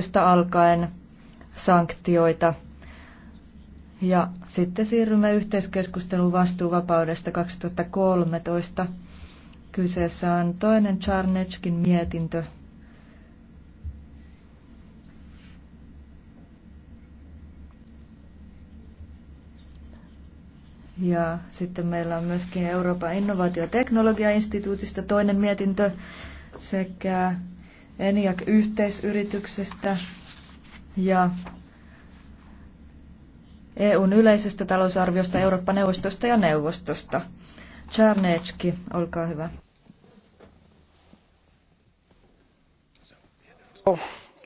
äänestystä alkaen sanktioita. Ja sitten siirrymme yhteiskeskustelun vastuuvapaudesta 2013. Kyseessä on toinen Charnetskin mietintö. Ja sitten meillä on myöskin Euroopan innovaatioteknologiainstituutista toinen mietintö sekä ENIAC-yhteisyrityksestä ja EUn yleisestä talousarviosta, Eurooppa-neuvostosta ja neuvostosta. Czarnecki, olkaa hyvä.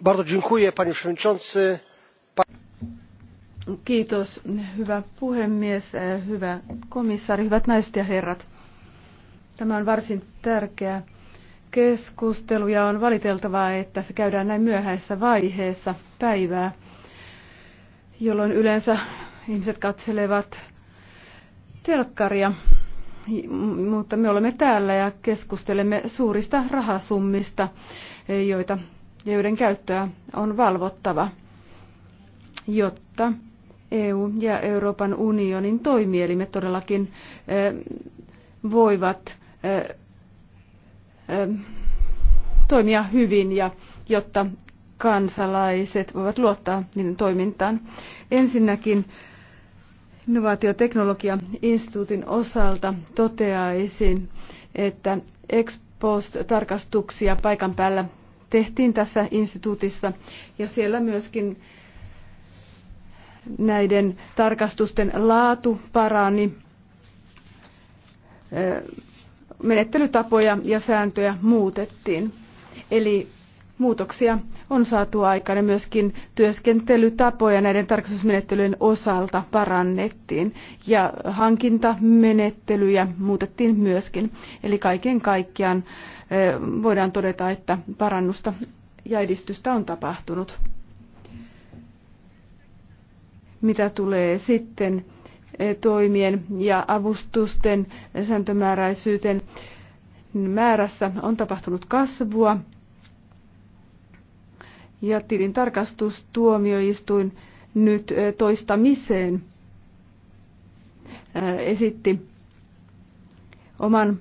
Bardzo dziękuję, panie przewodniczący. Kiitos, hyvä puhemies, eh, hyvä komissaari, hyvät naiset ja herrat. Tämä on varsin tärkeä keskusteluja. On valiteltavaa, että se käydään näin myöhäisessä vaiheessa päivää, jolloin yleensä ihmiset katselevat telkkaria. Mutta me olemme täällä ja keskustelemme suurista rahasummista, joita, joiden käyttöä on valvottava, jotta EU ja Euroopan unionin toimielimet todellakin eh, voivat eh, toimia hyvin ja jotta kansalaiset voivat luottaa niiden toimintaan. Ensinnäkin innovaatioteknologiainstituutin osalta toteaisin, että ex post-tarkastuksia paikan päällä tehtiin tässä instituutissa ja siellä myöskin näiden tarkastusten laatu parani menettelytapoja ja sääntöjä muutettiin. Eli muutoksia on saatu aikaan ja myöskin työskentelytapoja näiden tarkastusmenettelyjen osalta parannettiin ja hankintamenettelyjä muutettiin myöskin. Eli kaiken kaikkiaan voidaan todeta, että parannusta ja edistystä on tapahtunut. Mitä tulee sitten Eh, toimien ja avustusten sääntömääräisyyden määrässä on tapahtunut kasvua. Ja tilintarkastustuomioistuin nyt eh, toistamiseen eh, esitti oman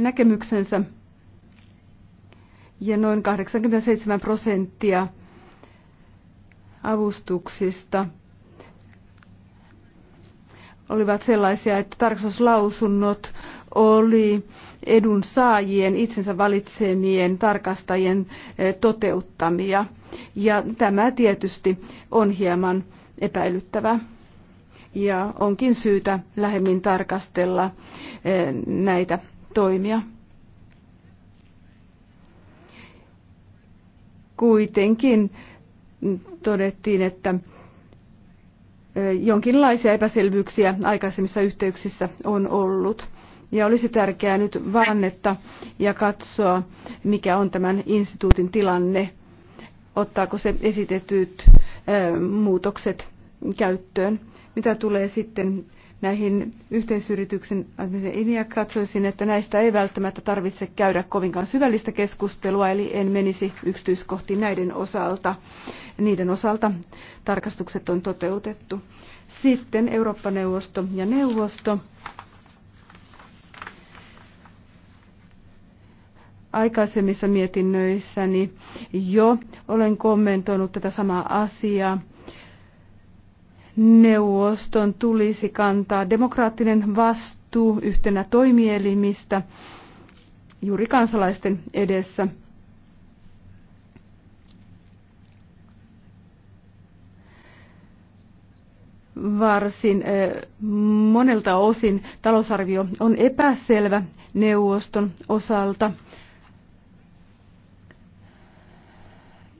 näkemyksensä ja noin 87 prosenttia avustuksista – olivat sellaisia, että tarkastuslausunnot oli edunsaajien, itsensä valitsemien tarkastajien eh, toteuttamia. Ja tämä tietysti on hieman epäilyttävä. Ja onkin syytä lähemmin tarkastella eh, näitä toimia. Kuitenkin mm, todettiin, että jonkinlaisia epäselvyyksiä aikaisemmissa yhteyksissä on ollut. Ja olisi tärkeää nyt vannetta ja katsoa, mikä on tämän instituutin tilanne, ottaako se esitetyt muutokset käyttöön. Mitä tulee sitten näihin yhteisyrityksen niin, ja katsoisin, että näistä ei välttämättä tarvitse käydä kovinkaan syvällistä keskustelua, eli en menisi yksityiskohtiin näiden osalta. Niiden osalta tarkastukset on toteutettu. Sitten Eurooppa-neuvosto ja neuvosto. Aikaisemmissa mietinnöissäni jo olen kommentoinut tätä samaa asiaa neuvoston tulisi kantaa demokraattinen vastuu yhtenä toimielimistä juuri kansalaisten edessä. Varsin eh, monelta osin talousarvio on epäselvä neuvoston osalta.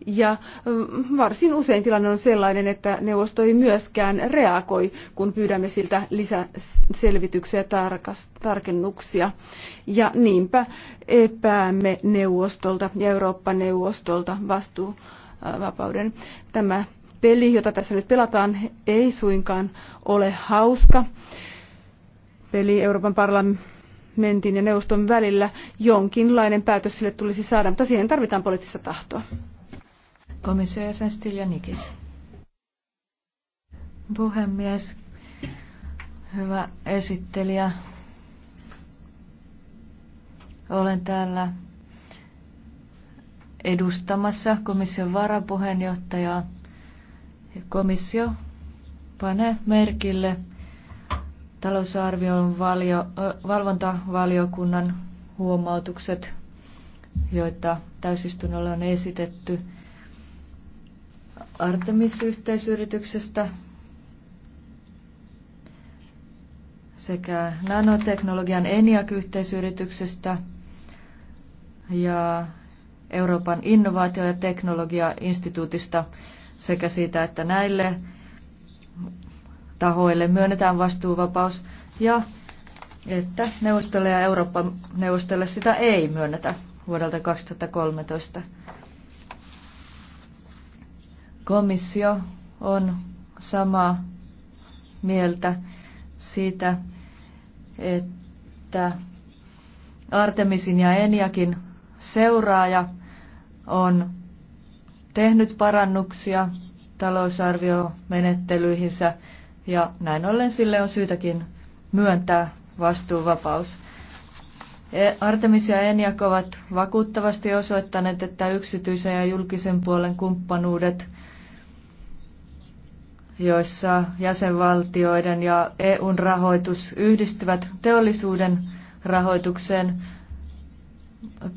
Ja mm, varsin usein tilanne on sellainen, että neuvosto ei myöskään reagoi, kun pyydämme siltä lisäselvityksiä ja tarkennuksia. Ja niinpä epäämme neuvostolta ja Eurooppa-neuvostolta vastuuvapauden. Tämä peli, jota tässä nyt pelataan, ei suinkaan ole hauska. Peli Euroopan parlamentin ja neuvoston välillä jonkinlainen päätös sille tulisi saada, mutta siihen tarvitaan poliittista tahtoa. Komissio jäsen Stiljanikis. Puhemies, hyvä esittelijä. Olen täällä edustamassa komission varapuheenjohtajaa. Komissio panee merkille talousarvion valio, valvontavaliokunnan huomautukset, joita täysistunnolla on esitetty – Artemis-yhteisyrityksestä sekä nanoteknologian ENIAC-yhteisyrityksestä ja Euroopan innovaatio- ja teknologiainstituutista sekä siitä, että näille tahoille myönnetään vastuuvapaus ja että neuvostolle ja Eurooppa neuvostolle sitä ei myönnetä vuodelta 2013. Komissio on samaa mieltä siitä, että Artemisin ja Eniakin seuraaja on tehnyt parannuksia talousarviomenettelyihinsä ja näin ollen sille on syytäkin myöntää vastuuvapaus. E, Artemis ja Eniak ovat vakuuttavasti osoittaneet, että yksityisen ja julkisen puolen kumppanuudet – joissa jäsenvaltioiden ja EUn rahoitus yhdistyvät teollisuuden rahoitukseen,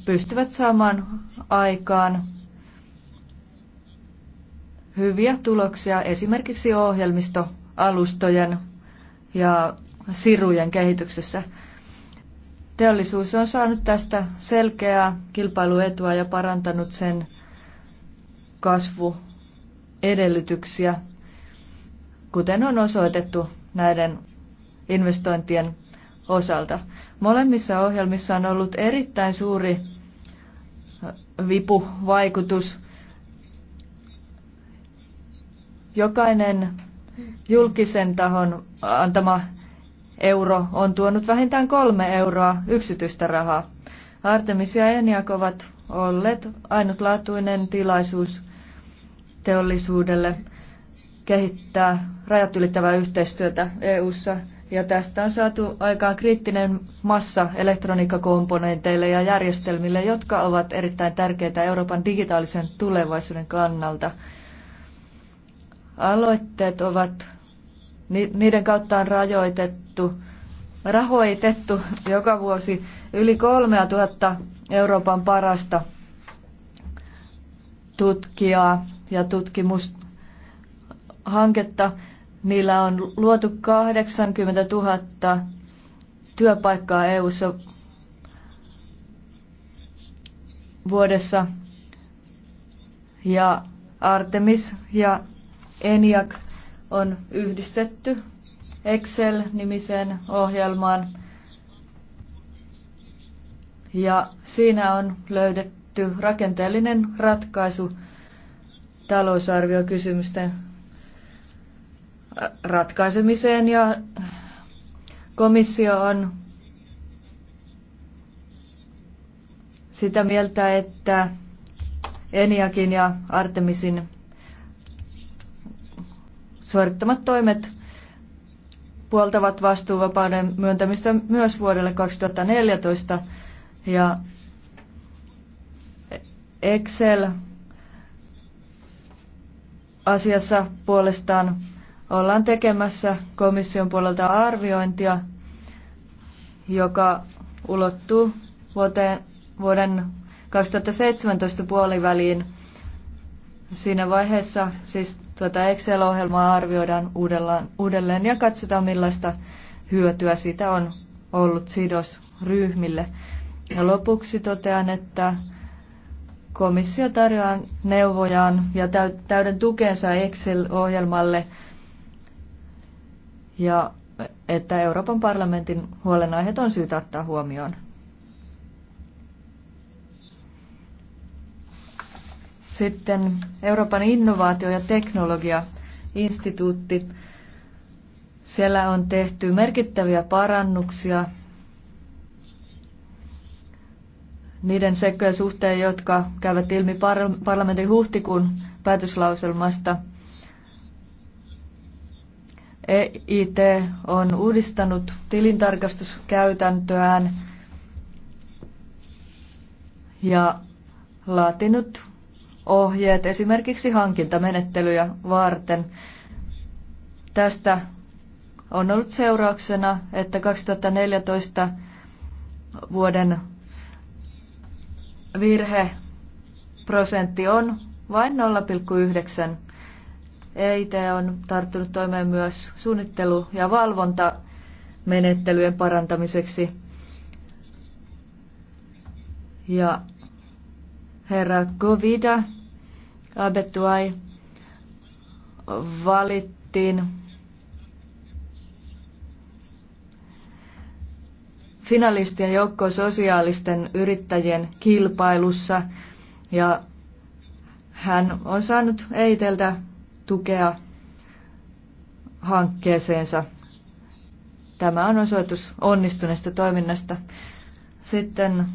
pystyvät saamaan aikaan hyviä tuloksia esimerkiksi ohjelmistoalustojen ja sirujen kehityksessä. Teollisuus on saanut tästä selkeää kilpailuetua ja parantanut sen kasvuedellytyksiä kuten on osoitettu näiden investointien osalta. Molemmissa ohjelmissa on ollut erittäin suuri vipuvaikutus. Jokainen julkisen tahon antama euro on tuonut vähintään kolme euroa yksityistä rahaa. Artemis ja Eniak ovat olleet ainutlaatuinen tilaisuus teollisuudelle kehittää rajat ylittävää yhteistyötä EU:ssa ja tästä on saatu aikaan kriittinen massa elektroniikkakomponenteille ja järjestelmille, jotka ovat erittäin tärkeitä Euroopan digitaalisen tulevaisuuden kannalta. Aloitteet ovat, niiden kautta on rajoitettu, rahoitettu joka vuosi yli 3000 Euroopan parasta tutkijaa ja tutkimusta hanketta. Niillä on luotu 80 000 työpaikkaa eu vuodessa. Ja Artemis ja ENIAC on yhdistetty Excel-nimiseen ohjelmaan. Ja siinä on löydetty rakenteellinen ratkaisu talousarviokysymysten ratkaisemiseen ja komissio on sitä mieltä, että Eniakin ja Artemisin suorittamat toimet puoltavat vastuuvapauden myöntämistä myös vuodelle 2014 ja Excel asiassa puolestaan ollaan tekemässä komission puolelta arviointia, joka ulottuu vuoteen, vuoden 2017 puoliväliin. Siinä vaiheessa siis tuota Excel-ohjelmaa arvioidaan uudelleen, uudelleen ja katsotaan millaista hyötyä siitä on ollut sidosryhmille. Ja lopuksi totean, että komissio tarjoaa neuvojaan ja täyden tukensa Excel-ohjelmalle – ja että Euroopan parlamentin huolenaiheet on syytä ottaa huomioon. Sitten Euroopan innovaatio- ja teknologiainstituutti. Siellä on tehty merkittäviä parannuksia niiden seikkojen suhteen, jotka käyvät ilmi parlamentin huhtikuun päätöslauselmasta – EIT on uudistanut tilintarkastuskäytäntöään ja laatinut ohjeet esimerkiksi hankintamenettelyjä varten. Tästä on ollut seurauksena, että 2014 vuoden virheprosentti on vain 0,9 EIT on tarttunut toimeen myös suunnittelu- ja valvontamenettelyjen parantamiseksi. Ja herra Govida Abetuai valittiin finalistien joukko sosiaalisten yrittäjien kilpailussa ja hän on saanut Eiteltä tukea hankkeeseensa. Tämä on osoitus onnistuneesta toiminnasta. Sitten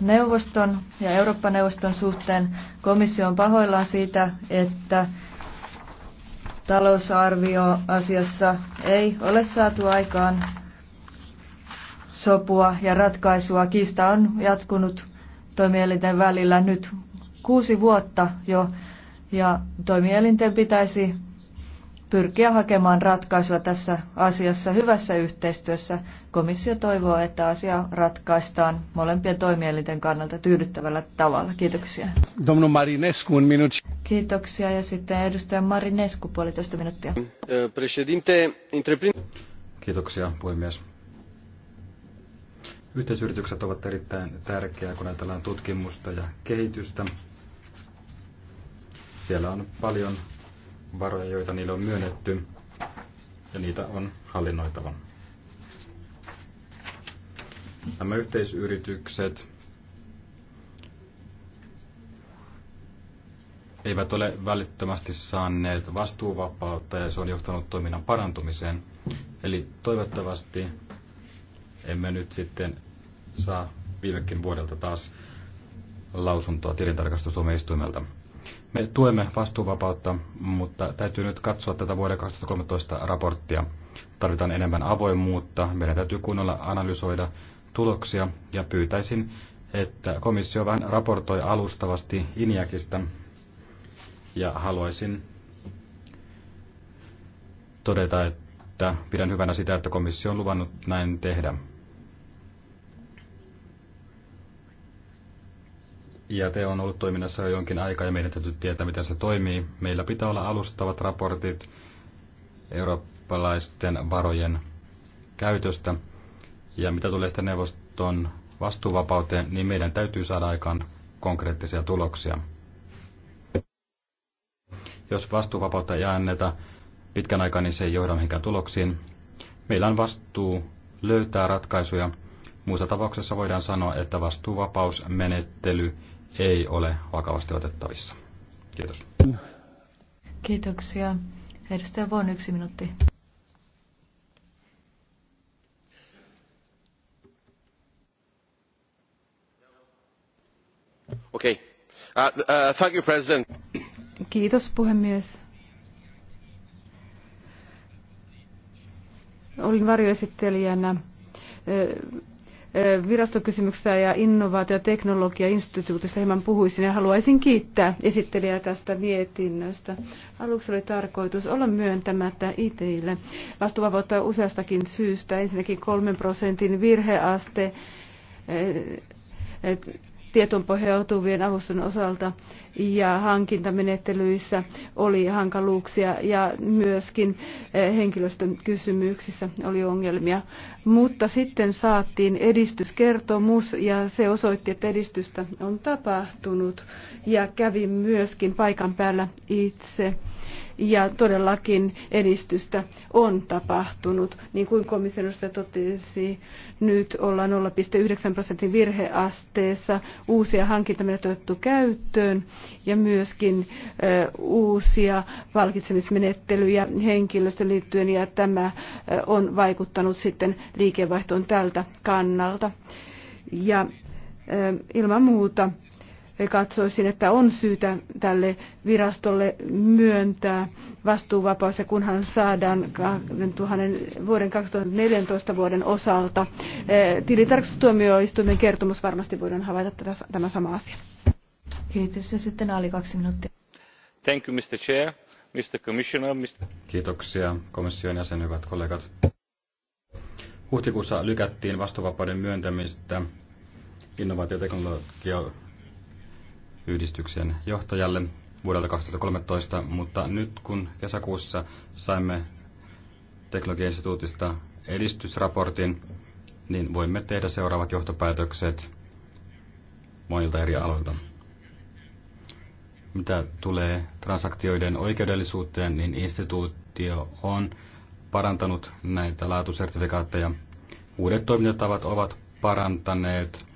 neuvoston ja Eurooppa-neuvoston suhteen komissio on pahoillaan siitä, että talousarvioasiassa ei ole saatu aikaan sopua ja ratkaisua. Kiista on jatkunut toimielinten välillä nyt kuusi vuotta jo ja toimielinten pitäisi pyrkiä hakemaan ratkaisua tässä asiassa hyvässä yhteistyössä. Komissio toivoo, että asia ratkaistaan molempien toimielinten kannalta tyydyttävällä tavalla. Kiitoksia. Domnu Marinescu, un minut. Kiitoksia ja sitten edustaja Marinescu, puolitoista minuuttia. Eh, Kiitoksia, puhemies. Yhteisyritykset ovat erittäin tärkeää, kun ajatellaan tutkimusta ja kehitystä siellä on paljon varoja, joita niille on myönnetty, ja niitä on hallinnoitava. Nämä yhteisyritykset eivät ole välittömästi saaneet vastuuvapautta ja se on johtanut toiminnan parantumiseen. Eli toivottavasti emme nyt sitten saa viimekin vuodelta taas lausuntoa tilintarkastustuomioistuimelta. Me tuemme vastuuvapautta, mutta täytyy nyt katsoa tätä vuoden 2013 raporttia. Tarvitaan enemmän avoimuutta, meidän täytyy kunnolla analysoida tuloksia ja pyytäisin, että komissio vähän raportoi alustavasti Iniakista ja haluaisin todeta, että pidän hyvänä sitä, että komissio on luvannut näin tehdä. jäte on ollut toiminnassa jo jonkin aikaa ja meidän täytyy tietää, miten se toimii. Meillä pitää olla alustavat raportit eurooppalaisten varojen käytöstä. Ja mitä tulee sitten neuvoston vastuuvapauteen, niin meidän täytyy saada aikaan konkreettisia tuloksia. Jos vastuuvapautta ei anneta pitkän aikaa, niin se ei johda mihinkään tuloksiin. Meillä on vastuu löytää ratkaisuja. Muussa tapauksessa voidaan sanoa, että vastuuvapausmenettely ei ole vakavasti otettavissa. Kiitos. Kiitoksia. Edustaja Von, yksi minuutti. Okay. Uh, uh, thank you, President. Kiitos puhemies. Olin varjoesittelijänä virastokysymyksistä ja innovaatio- ja teknologiainstituutista hieman puhuisin ja haluaisin kiittää esittelijää tästä mietinnöstä. Aluksi oli tarkoitus olla myöntämättä ITille vastuuvapautta useastakin syystä. Ensinnäkin kolmen prosentin virheaste, tietoon pohjautuvien avustusten osalta ja hankintamenettelyissä oli hankaluuksia ja myöskin eh, henkilöstön kysymyksissä oli ongelmia. Mutta sitten saatiin edistyskertomus ja se osoitti, että edistystä on tapahtunut ja kävin myöskin paikan päällä itse ja todellakin edistystä on tapahtunut. Niin kuin komissiosta totesi, nyt ollaan 0,9 prosentin virheasteessa, uusia on otettu käyttöön ja myöskin ö, uusia palkitsemismenettelyjä henkilöstön liittyen ja tämä ö, on vaikuttanut sitten liikevaihtoon tältä kannalta. Ja ö, ilman muuta katsoisin, että on syytä tälle virastolle myöntää vastuuvapaus ja kunhan saadaan 2000, vuoden 2014 vuoden osalta eh, tilitarkastustuomioistuimen kertomus varmasti voidaan havaita tätä, tämä sama asia. Kiitos ja sitten Ali kaksi minuuttia. Thank you, Mr. Chair, Mr. Commissioner, Mr. Kiitoksia komission jäsen, hyvät kollegat. Huhtikuussa lykättiin vastuuvapauden myöntämistä innovaatioteknologia yhdistyksen johtajalle vuodelta 2013, mutta nyt kun kesäkuussa saimme teknologiainstituutista edistysraportin, niin voimme tehdä seuraavat johtopäätökset monilta eri aloilta. Mitä tulee transaktioiden oikeudellisuuteen, niin instituutio on parantanut näitä laatusertifikaatteja. Uudet toimintatavat ovat parantaneet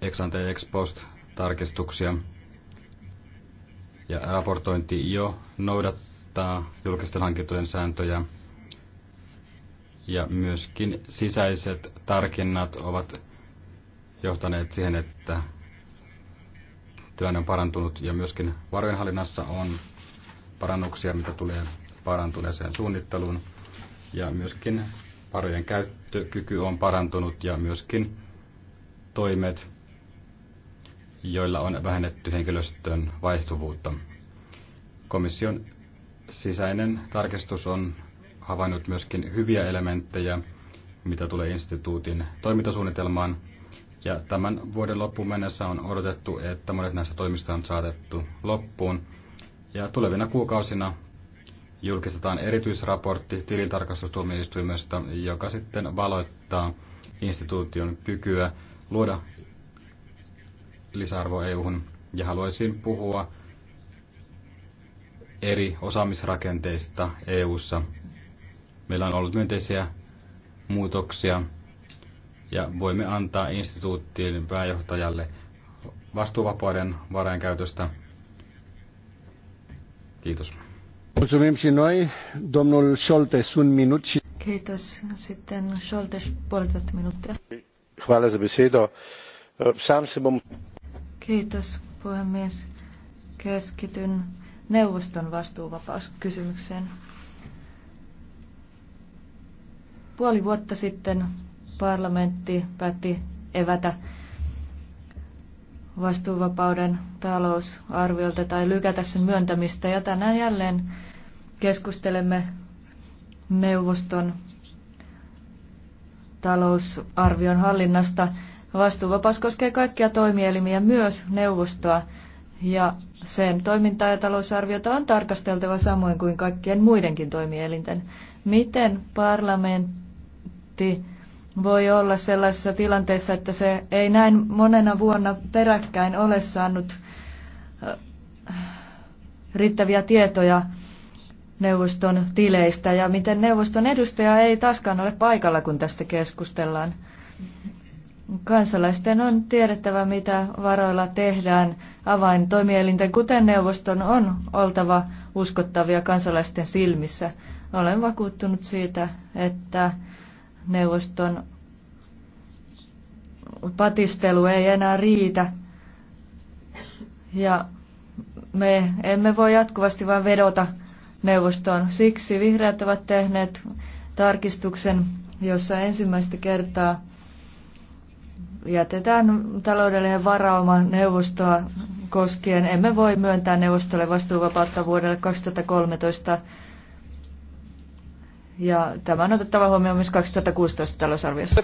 ex ante ex post tarkistuksia. Ja raportointi jo noudattaa julkisten hankintojen sääntöjä. Ja myöskin sisäiset tarkinnat ovat johtaneet siihen, että tilanne on parantunut ja myöskin varojenhallinnassa on parannuksia, mitä tulee parantuneeseen suunnitteluun. Ja myöskin varojen käyttökyky on parantunut ja myöskin toimet joilla on vähennetty henkilöstön vaihtuvuutta. Komission sisäinen tarkistus on havainnut myöskin hyviä elementtejä, mitä tulee instituutin toimintasuunnitelmaan. Ja tämän vuoden loppuun mennessä on odotettu, että monet näistä toimista on saatettu loppuun. Ja tulevina kuukausina julkistetaan erityisraportti tilintarkastustuomioistuimesta, joka sitten valoittaa instituution kykyä luoda lisäarvo EU-hun ja haluaisin puhua eri osaamisrakenteista EU-ssa. Meillä on ollut myönteisiä muutoksia ja voimme antaa instituuttiin pääjohtajalle vastuuvapauden varainkäytöstä. Kiitos. Domnul Kiitos. Sitten Scholtes, puolitoista minuuttia. Kiitos. Sam se Kiitos puhemies. Keskityn neuvoston vastuuvapauskysymykseen. Puoli vuotta sitten parlamentti päätti evätä vastuuvapauden talousarviolta tai lykätä sen myöntämistä. Ja tänään jälleen keskustelemme neuvoston talousarvion hallinnasta. Vastuuvapaus koskee kaikkia toimielimiä, myös neuvostoa, ja sen toimintaa ja talousarviota on tarkasteltava samoin kuin kaikkien muidenkin toimielinten. Miten parlamentti voi olla sellaisessa tilanteessa, että se ei näin monena vuonna peräkkäin ole saanut äh, riittäviä tietoja neuvoston tileistä ja miten neuvoston edustaja ei taaskaan ole paikalla, kun tästä keskustellaan. Kansalaisten on tiedettävä, mitä varoilla tehdään. Avaintoimielinten, kuten neuvoston, on oltava uskottavia kansalaisten silmissä. Olen vakuuttunut siitä, että neuvoston patistelu ei enää riitä. Ja me emme voi jatkuvasti vain vedota neuvostoon. Siksi vihreät ovat tehneet tarkistuksen, jossa ensimmäistä kertaa – jätetään taloudellinen varauma neuvostoa koskien. Emme voi myöntää neuvostolle vastuuvapautta vuodelle 2013. Ja tämä on otettava huomioon myös 2016 talousarviossa.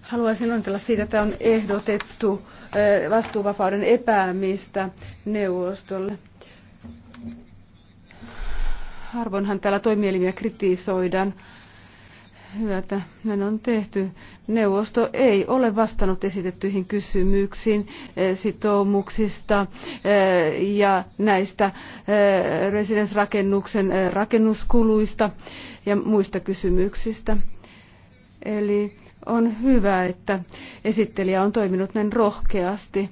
Haluaisin onnitella siitä, että on ehdotettu eh, vastuuvapauden epäämistä neuvostolle. Harvoinhan täällä toimielimiä kritisoidaan hyvä, että näin on tehty. Neuvosto ei ole vastannut esitettyihin kysymyksiin eh, sitoumuksista eh, ja näistä eh, residensrakennuksen rakennuskuluista ja muista kysymyksistä. Eli on hyvä, että esittelijä on toiminut näin rohkeasti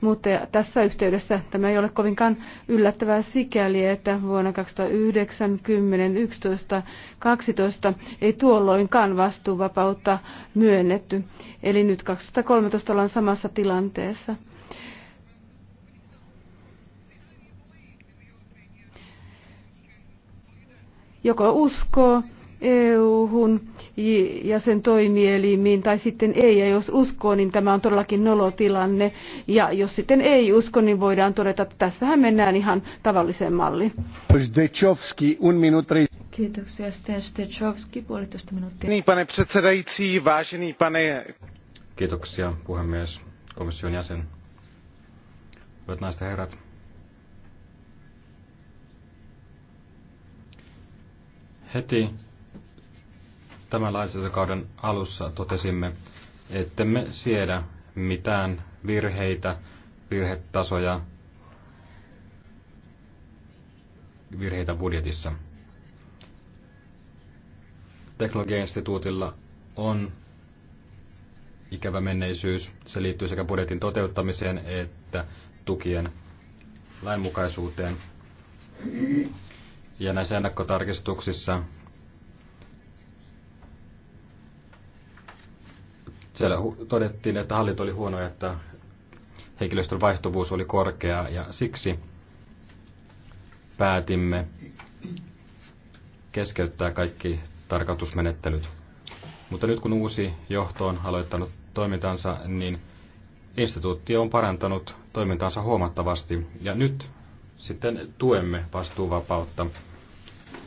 mutta tässä yhteydessä tämä ei ole kovinkaan yllättävää sikäli, että vuonna 2009, 10, 11, 12 ei tuolloinkaan vastuuvapautta myönnetty. Eli nyt 2013 ollaan samassa tilanteessa. Joko uskoo EU-hun jäsen toimielimiin tai sitten ei. Ja jos uskoo, niin tämä on todellakin nolotilanne. Ja jos sitten ei usko, niin voidaan todeta, että tässähän mennään ihan tavalliseen malliin. Kiitoksia. Sten Stechowski, puolitoista minuuttia. Niin, pane předsedající, vážený pane... Kiitoksia, puhemies, komission jäsen. Hyvät naiset herrat, heti tämän lainsäädäntökauden alussa totesimme, ettemme siedä mitään virheitä, virhetasoja, virheitä budjetissa. Teknologiainstituutilla on ikävä menneisyys. Se liittyy sekä budjetin toteuttamiseen että tukien lainmukaisuuteen. Ja näissä ennakkotarkistuksissa Siellä todettiin, että hallinto oli huono, että henkilöstön vaihtuvuus oli korkea ja siksi päätimme keskeyttää kaikki tarkoitusmenettelyt. Mutta nyt kun uusi johto on aloittanut toimintansa, niin instituutti on parantanut toimintansa huomattavasti ja nyt sitten tuemme vastuuvapautta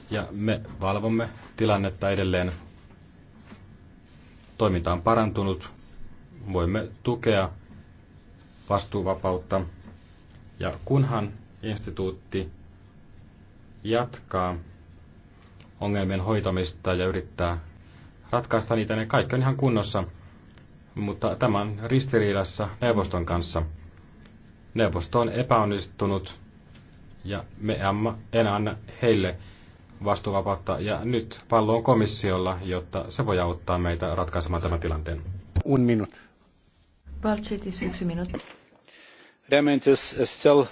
ja me valvomme tilannetta edelleen Toiminta on parantunut. Voimme tukea vastuuvapautta. Ja kunhan instituutti jatkaa ongelmien hoitamista ja yrittää ratkaista niitä, ne niin kaikki on ihan kunnossa. Mutta tämän ristiriidassa neuvoston kanssa. Neuvosto on epäonnistunut ja me emme enää anna heille vastuuvapautta ja nyt pallo on komissiolla, jotta se voi auttaa meitä ratkaisemaan tämän tilanteen. Un minut. Balchitis yksi minuutti. Remintis Estel.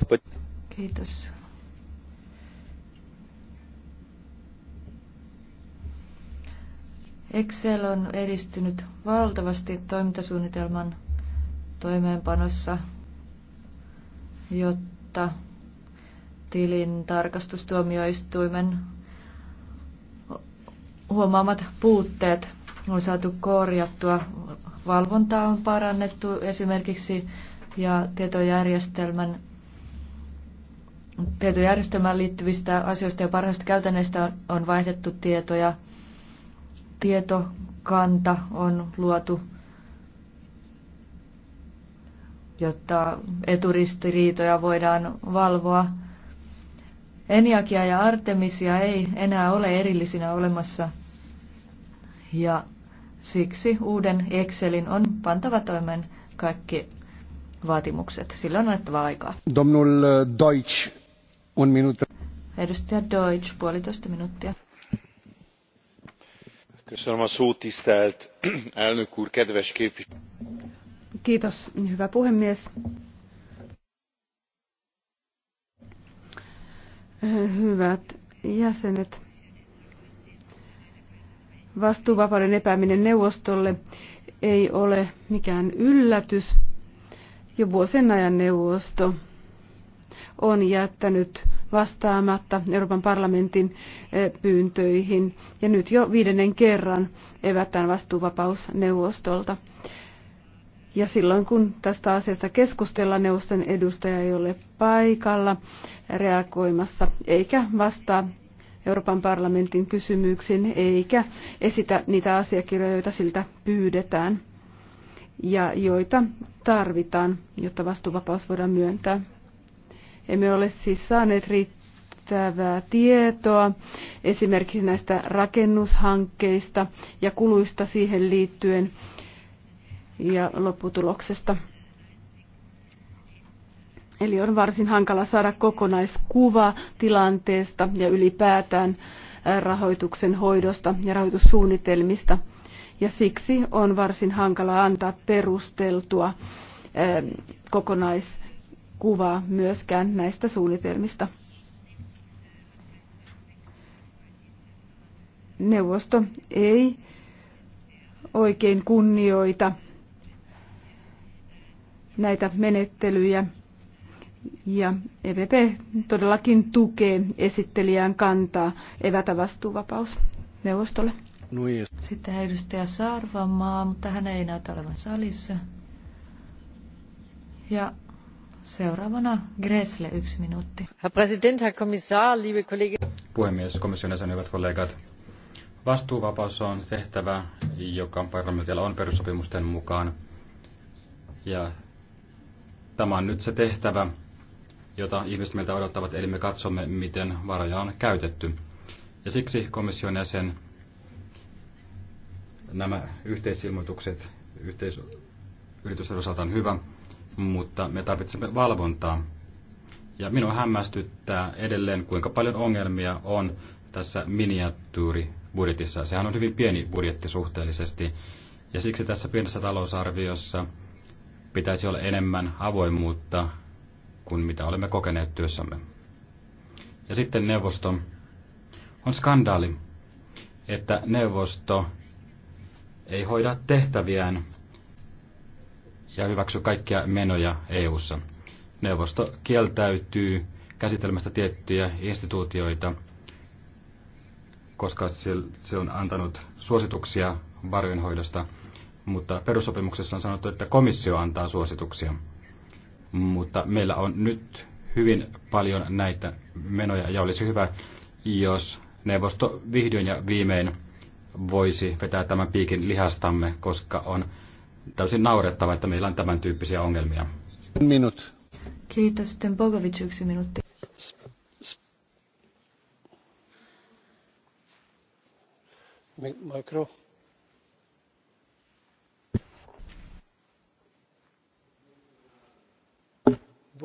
Kiitos. Excel on edistynyt valtavasti toimintasuunnitelman toimeenpanossa, jotta tilin tarkastustuomioistuimen huomaamat puutteet on saatu korjattua. Valvontaa on parannettu esimerkiksi ja tietojärjestelmän tietojärjestelmään liittyvistä asioista ja parhaista käytännöistä on vaihdettu tietoja. Tietokanta on luotu, jotta eturistiriitoja voidaan valvoa. Eniakia ja Artemisia ei enää ole erillisinä olemassa. Ja siksi uuden Excelin on pantava toimeen kaikki vaatimukset. Sillä on annettava aikaa. Domnul Deutsch, un minuut. Edustaja Deutsch, puolitoista minuuttia. Köszönöm a szót, tisztelt elnök úr, kedves képviselő. Kiitos, hyvä puhemies. Hyvät jäsenet, vastuuvapauden epääminen neuvostolle ei ole mikään yllätys. Jo vuosien ajan neuvosto on jättänyt vastaamatta Euroopan parlamentin eh, pyyntöihin ja nyt jo viidennen kerran evätään vastuuvapaus neuvostolta. Ja silloin kun tästä asiasta keskustellaan, neuvoston edustaja ei ole paikalla reagoimassa eikä vastaa Euroopan parlamentin kysymyksiin eikä esitä niitä asiakirjoja, joita siltä pyydetään ja joita tarvitaan, jotta vastuuvapaus voidaan myöntää. Emme ole siis saaneet riittävää tietoa esimerkiksi näistä rakennushankkeista ja kuluista siihen liittyen ja lopputuloksesta. Eli on varsin hankala saada kokonaiskuva tilanteesta ja ylipäätään rahoituksen hoidosta ja rahoitussuunnitelmista. Ja siksi on varsin hankala antaa perusteltua kokonaiskuvaa myöskään näistä suunnitelmista. Neuvosto ei oikein kunnioita näitä menettelyjä. Ja EVP todellakin tukee esittelijän kantaa evätä vastuuvapaus neuvostolle. No Sitten edustaja Sarvamaa, mutta hän ei näytä olevan salissa. Ja seuraavana Gressle yksi minuutti. Herr Präsident, Herr Kommissar, liebe Kollegen. Puhemies, komission jäsen, hyvät kollegat. Vastuuvapaus on tehtävä, joka parlamentilla on perussopimusten mukaan. Ja Tämä on nyt se tehtävä, jota ihmiset meiltä odottavat, eli me katsomme, miten varoja on käytetty. Ja siksi komission jäsen nämä yhteisilmoitukset yhteisyritysten osalta on hyvä, mutta me tarvitsemme valvontaa. Ja minua hämmästyttää edelleen, kuinka paljon ongelmia on tässä miniatyyribudjetissa. budjetissa Sehän on hyvin pieni budjetti suhteellisesti, ja siksi tässä pienessä talousarviossa – pitäisi olla enemmän avoimuutta kuin mitä olemme kokeneet työssämme. Ja sitten neuvosto. On skandaali, että neuvosto ei hoida tehtäviään ja hyväksy kaikkia menoja EU-ssa. Neuvosto kieltäytyy käsitelmästä tiettyjä instituutioita, koska se on antanut suosituksia varjonhoidosta mutta perussopimuksessa on sanottu, että komissio antaa suosituksia. Mutta meillä on nyt hyvin paljon näitä menoja ja olisi hyvä, jos neuvosto vihdoin ja viimein voisi vetää tämän piikin lihastamme, koska on täysin naurettava, että meillä on tämän tyyppisiä ongelmia. Minut. Kiitos. Sitten Bogovic yksi minuutti. Mikro. Eh,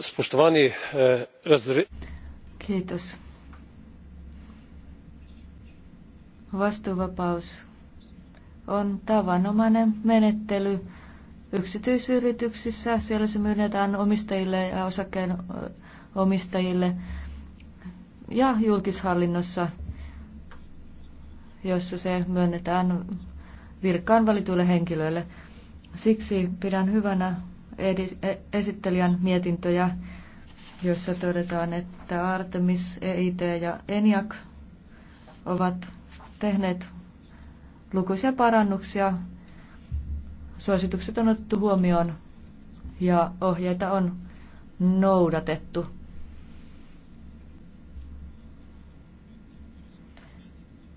spoštovani eh, Kiitos. vastuvapaus on tavanomainen menettely yksityisyrityksissä. Siellä se myönnetään omistajille ja osakkeen omistajille ja julkishallinnossa, jossa se myönnetään virkaan valituille henkilöille. Siksi pidän hyvänä e-, esittelijän mietintöjä, jossa todetaan, että Artemis, EIT ja ENIAC ovat tehneet lukuisia parannuksia. Suositukset on otettu huomioon ja ohjeita on noudatettu.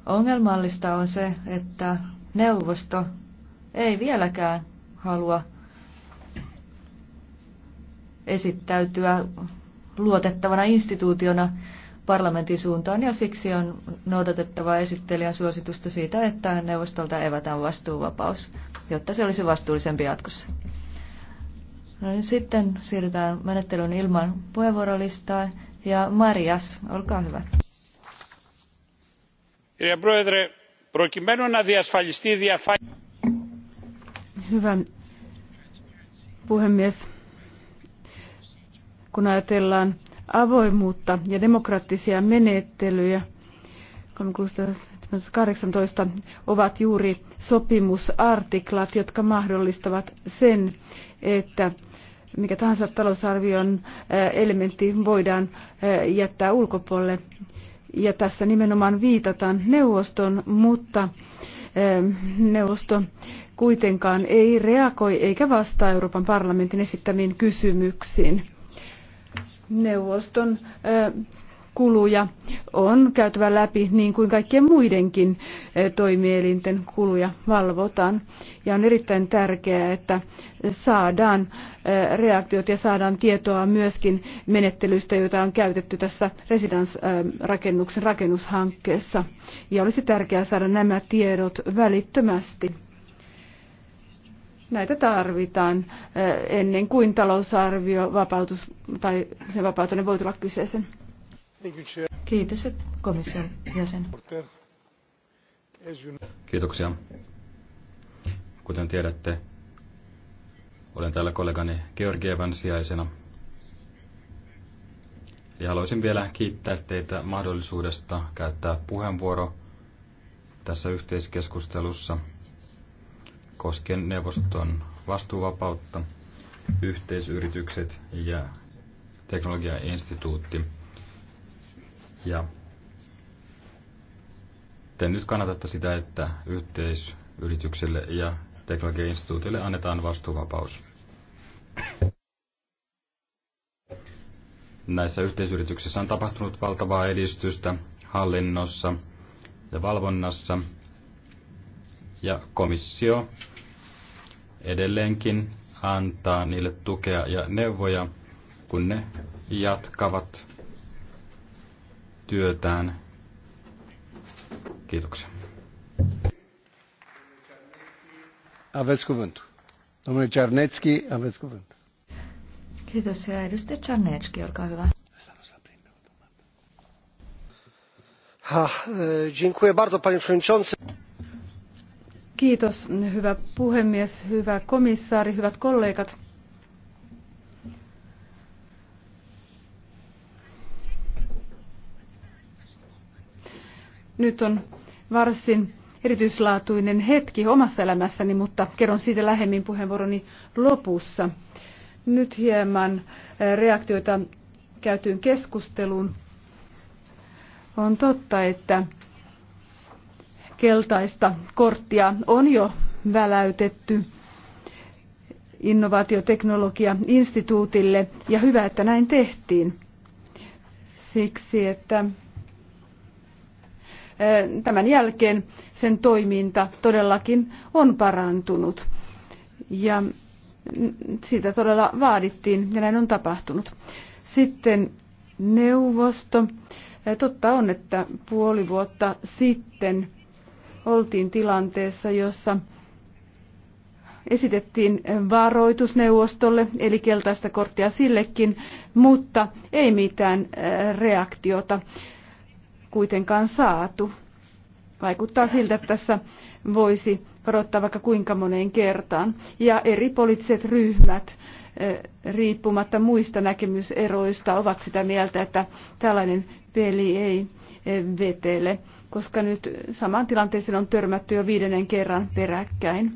Ongelmallista on se, että neuvosto ei vieläkään halua esittäytyä luotettavana instituutiona parlamentin suuntaan ja siksi on noudatettava esittelijän suositusta siitä, että neuvostolta evätään vastuuvapaus, jotta se olisi vastuullisempi jatkossa. No niin, sitten siirrytään menettelyn ilman puheenvuorolistaa ja Marias, olkaa hyvä. Hyvä puhemies. Kun ajatellaan avoimuutta ja demokraattisia menettelyjä, 18 ovat juuri sopimusartiklat, jotka mahdollistavat sen, että mikä tahansa talousarvion elementti voidaan jättää ulkopuolelle ja tässä nimenomaan viitataan neuvoston, mutta eh, neuvosto kuitenkaan ei reagoi eikä vastaa Euroopan parlamentin esittämiin kysymyksiin. Neuvoston eh, kuluja on käytävä läpi niin kuin kaikkien muidenkin eh, toimielinten kuluja valvotaan. Ja on erittäin tärkeää, että saadaan eh, reaktiot ja saadaan tietoa myöskin menettelyistä, joita on käytetty tässä residence-rakennuksen eh, rakennushankkeessa. Ja olisi tärkeää saada nämä tiedot välittömästi näitä tarvitaan ennen kuin talousarvio vapautus, tai sen vapautuminen voi tulla kyseeseen. Kiitos, komission jäsen. Kiitoksia. Kuten tiedätte, olen täällä kollegani Georgievan sijaisena. Ja haluaisin vielä kiittää teitä mahdollisuudesta käyttää puheenvuoro tässä yhteiskeskustelussa koskien neuvoston vastuuvapautta, yhteisyritykset ja teknologiainstituutti. instituutti ja te nyt kannatatte sitä, että yhteisyritykselle ja teknologiainstituutille annetaan vastuuvapaus. Näissä yhteisyrityksissä on tapahtunut valtavaa edistystä hallinnossa ja valvonnassa. Ja komissio edelleenkin antaa niille tukea ja neuvoja, kun ne jatkavat työtään. Kiitoksia. Kiitos. Ja edustaja Czarnecki, olkaa hyvä. E, Kiitos, hyvä puhemies, hyvä komissaari, hyvät kollegat. nyt on varsin erityislaatuinen hetki omassa elämässäni, mutta kerron siitä lähemmin puheenvuoroni lopussa. Nyt hieman reaktioita käytyyn keskusteluun. On totta, että keltaista korttia on jo väläytetty innovaatioteknologiainstituutille ja hyvä, että näin tehtiin. Siksi, että tämän jälkeen sen toiminta todellakin on parantunut. Ja siitä todella vaadittiin ja näin on tapahtunut. Sitten neuvosto. Totta on, että puoli vuotta sitten oltiin tilanteessa, jossa esitettiin varoitusneuvostolle, eli keltaista korttia sillekin, mutta ei mitään reaktiota kuitenkaan saatu. Vaikuttaa siltä, että tässä voisi varoittaa vaikka kuinka moneen kertaan. Ja eri poliittiset ryhmät, eh, riippumatta muista näkemyseroista, ovat sitä mieltä, että tällainen peli ei eh, vetele, koska nyt samaan tilanteeseen on törmätty jo viidennen kerran peräkkäin.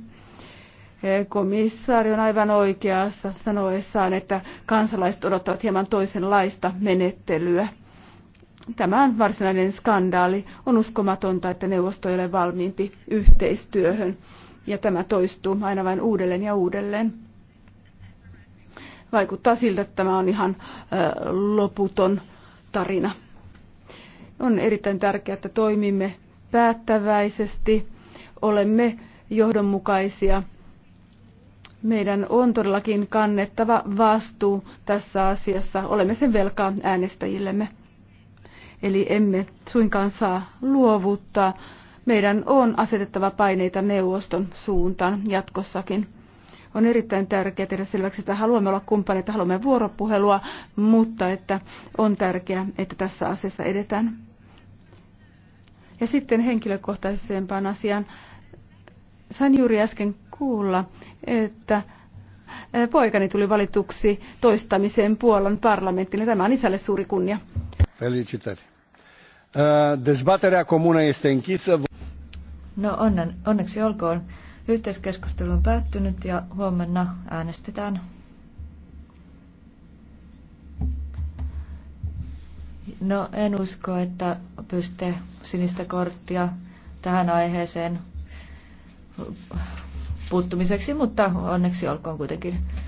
Eh, komissaari on aivan oikeassa sanoessaan, että kansalaiset odottavat hieman toisenlaista menettelyä Tämä on varsinainen skandaali. On uskomatonta, että neuvosto ei ole valmiimpi yhteistyöhön. Ja tämä toistuu aina vain uudelleen ja uudelleen. Vaikuttaa siltä, että tämä on ihan loputon tarina. On erittäin tärkeää, että toimimme päättäväisesti, olemme johdonmukaisia meidän on todellakin kannettava vastuu tässä asiassa. Olemme sen velkaa äänestäjillemme. Eli emme suinkaan saa luovuttaa. Meidän on asetettava paineita neuvoston suuntaan jatkossakin. On erittäin tärkeää tehdä selväksi, että haluamme olla kumppaneita, haluamme vuoropuhelua, mutta että on tärkeää, että tässä asiassa edetään. Ja sitten henkilökohtaisempaan asiaan. Sain juuri äsken kuulla, että eh, poikani tuli valituksi toistamiseen Puolan parlamenttiin. Tämä on isälle suuri kunnia. Felicitari. Dezbaterea comună este închisă. No onnen, onneksi olkoon. Yhteiskeskustelu on päättynyt ja huomenna äänestetään. No en usko, että pystytte sinistä korttia tähän aiheeseen puuttumiseksi, mutta onneksi olkoon kuitenkin.